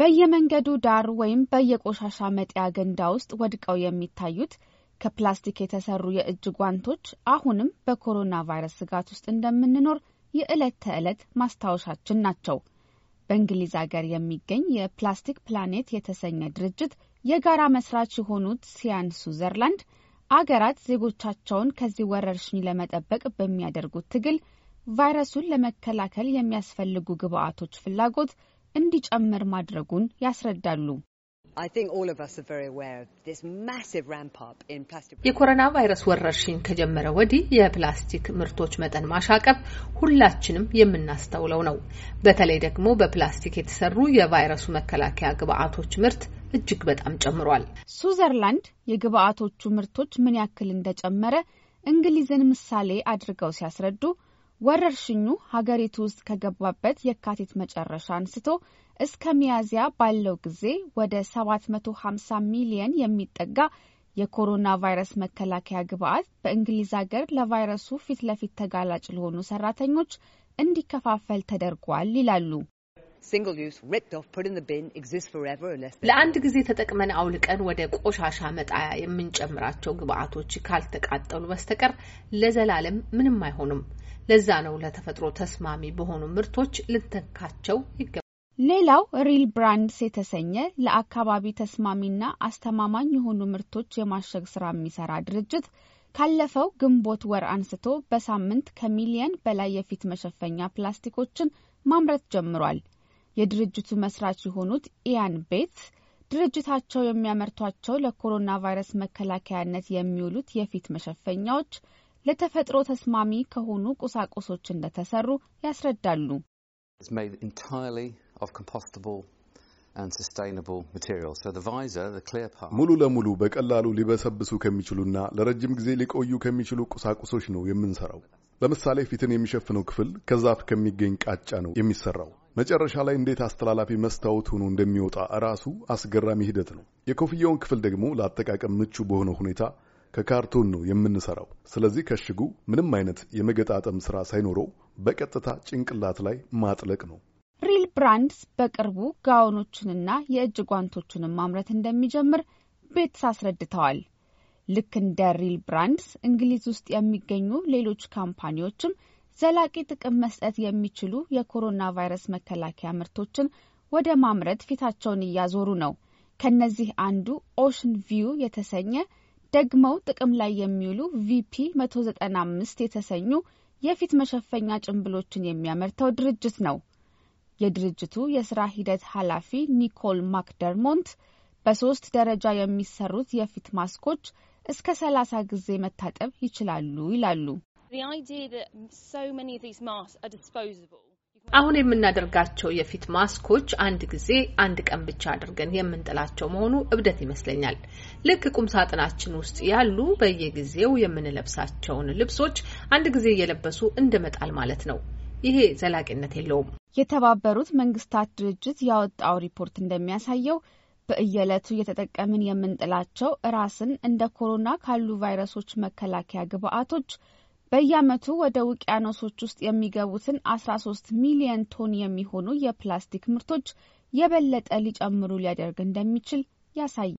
በየመንገዱ ዳር ወይም በየቆሻሻ መጥያ ገንዳ ውስጥ ወድቀው የሚታዩት ከፕላስቲክ የተሰሩ የእጅ ጓንቶች አሁንም በኮሮና ቫይረስ ስጋት ውስጥ እንደምንኖር የዕለት ተዕለት ማስታወሻችን ናቸው። በእንግሊዝ ሀገር የሚገኝ የፕላስቲክ ፕላኔት የተሰኘ ድርጅት የጋራ መስራች የሆኑት ሲያን ሱዘርላንድ አገራት ዜጎቻቸውን ከዚህ ወረርሽኝ ለመጠበቅ በሚያደርጉት ትግል ቫይረሱን ለመከላከል የሚያስፈልጉ ግብዓቶች ፍላጎት እንዲጨምር ማድረጉን ያስረዳሉ። የኮሮና ቫይረስ ወረርሽኝ ከጀመረ ወዲህ የፕላስቲክ ምርቶች መጠን ማሻቀብ ሁላችንም የምናስተውለው ነው። በተለይ ደግሞ በፕላስቲክ የተሰሩ የቫይረሱ መከላከያ ግብዓቶች ምርት እጅግ በጣም ጨምሯል። ስዊዘርላንድ የግብዓቶቹ ምርቶች ምን ያክል እንደጨመረ እንግሊዝን ምሳሌ አድርገው ሲያስረዱ ወረርሽኙ ሀገሪቱ ውስጥ ከገባበት የካቲት መጨረሻ አንስቶ እስከ ሚያዝያ ባለው ጊዜ ወደ 750 ሚሊየን የሚጠጋ የኮሮና ቫይረስ መከላከያ ግብዓት በእንግሊዝ ሀገር ለቫይረሱ ፊት ለፊት ተጋላጭ ለሆኑ ሰራተኞች እንዲከፋፈል ተደርጓል ይላሉ ለአንድ ጊዜ ተጠቅመን አውልቀን ወደ ቆሻሻ መጣያ የምንጨምራቸው ግብአቶች ካልተቃጠሉ በስተቀር ለዘላለም ምንም አይሆኑም። ለዛ ነው ለተፈጥሮ ተስማሚ በሆኑ ምርቶች ልንተካቸው ይገባል። ሌላው ሪል ብራንድስ የተሰኘ ለአካባቢ ተስማሚና አስተማማኝ የሆኑ ምርቶች የማሸግ ስራ የሚሰራ ድርጅት ካለፈው ግንቦት ወር አንስቶ በሳምንት ከሚሊየን በላይ የፊት መሸፈኛ ፕላስቲኮችን ማምረት ጀምሯል። የድርጅቱ መስራች የሆኑት ኢያን ቤት ድርጅታቸው የሚያመርቷቸው ለኮሮና ቫይረስ መከላከያነት የሚውሉት የፊት መሸፈኛዎች ለተፈጥሮ ተስማሚ ከሆኑ ቁሳቁሶች እንደተሰሩ ያስረዳሉ። ሙሉ ለሙሉ በቀላሉ ሊበሰብሱ ከሚችሉና ለረጅም ጊዜ ሊቆዩ ከሚችሉ ቁሳቁሶች ነው የምንሰራው። ለምሳሌ ፊትን የሚሸፍነው ክፍል ከዛፍ ከሚገኝ ቃጫ ነው የሚሰራው። መጨረሻ ላይ እንዴት አስተላላፊ መስታወት ሆኖ እንደሚወጣ ራሱ አስገራሚ ሂደት ነው። የኮፍያውን ክፍል ደግሞ ለአጠቃቀም ምቹ በሆነ ሁኔታ ከካርቶን ነው የምንሰራው። ስለዚህ ከሽጉ ምንም አይነት የመገጣጠም ስራ ሳይኖረው በቀጥታ ጭንቅላት ላይ ማጥለቅ ነው። ሪል ብራንድስ በቅርቡ ጋወኖችንና የእጅ ጓንቶቹንም ማምረት እንደሚጀምር ቤትስ አስረድተዋል። ልክ እንደ ሪል ብራንድስ እንግሊዝ ውስጥ የሚገኙ ሌሎች ካምፓኒዎችም ዘላቂ ጥቅም መስጠት የሚችሉ የኮሮና ቫይረስ መከላከያ ምርቶችን ወደ ማምረት ፊታቸውን እያዞሩ ነው። ከነዚህ አንዱ ኦሽን ቪው የተሰኘ ደግመው ጥቅም ላይ የሚውሉ ቪፒ 195 የተሰኙ የፊት መሸፈኛ ጭንብሎችን የሚያመርተው ድርጅት ነው። የድርጅቱ የስራ ሂደት ኃላፊ ኒኮል ማክደርሞንት በሶስት ደረጃ የሚሰሩት የፊት ማስኮች እስከ ሰላሳ ጊዜ መታጠብ ይችላሉ ይላሉ። አሁን የምናደርጋቸው የፊት ማስኮች አንድ ጊዜ አንድ ቀን ብቻ አድርገን የምንጥላቸው መሆኑ እብደት ይመስለኛል። ልክ ቁም ሳጥናችን ውስጥ ያሉ በየጊዜው የምንለብሳቸውን ልብሶች አንድ ጊዜ እየለበሱ እንደመጣል ማለት ነው። ይሄ ዘላቂነት የለውም። የተባበሩት መንግስታት ድርጅት ያወጣው ሪፖርት እንደሚያሳየው በእየዕለቱ እየተጠቀምን የምንጥላቸው ራስን እንደ ኮሮና ካሉ ቫይረሶች መከላከያ ግብዓቶች በየዓመቱ ወደ ውቅያኖሶች ውስጥ የሚገቡትን 13 ሚሊየን ቶን የሚሆኑ የፕላስቲክ ምርቶች የበለጠ ሊጨምሩ ሊያደርግ እንደሚችል ያሳያል።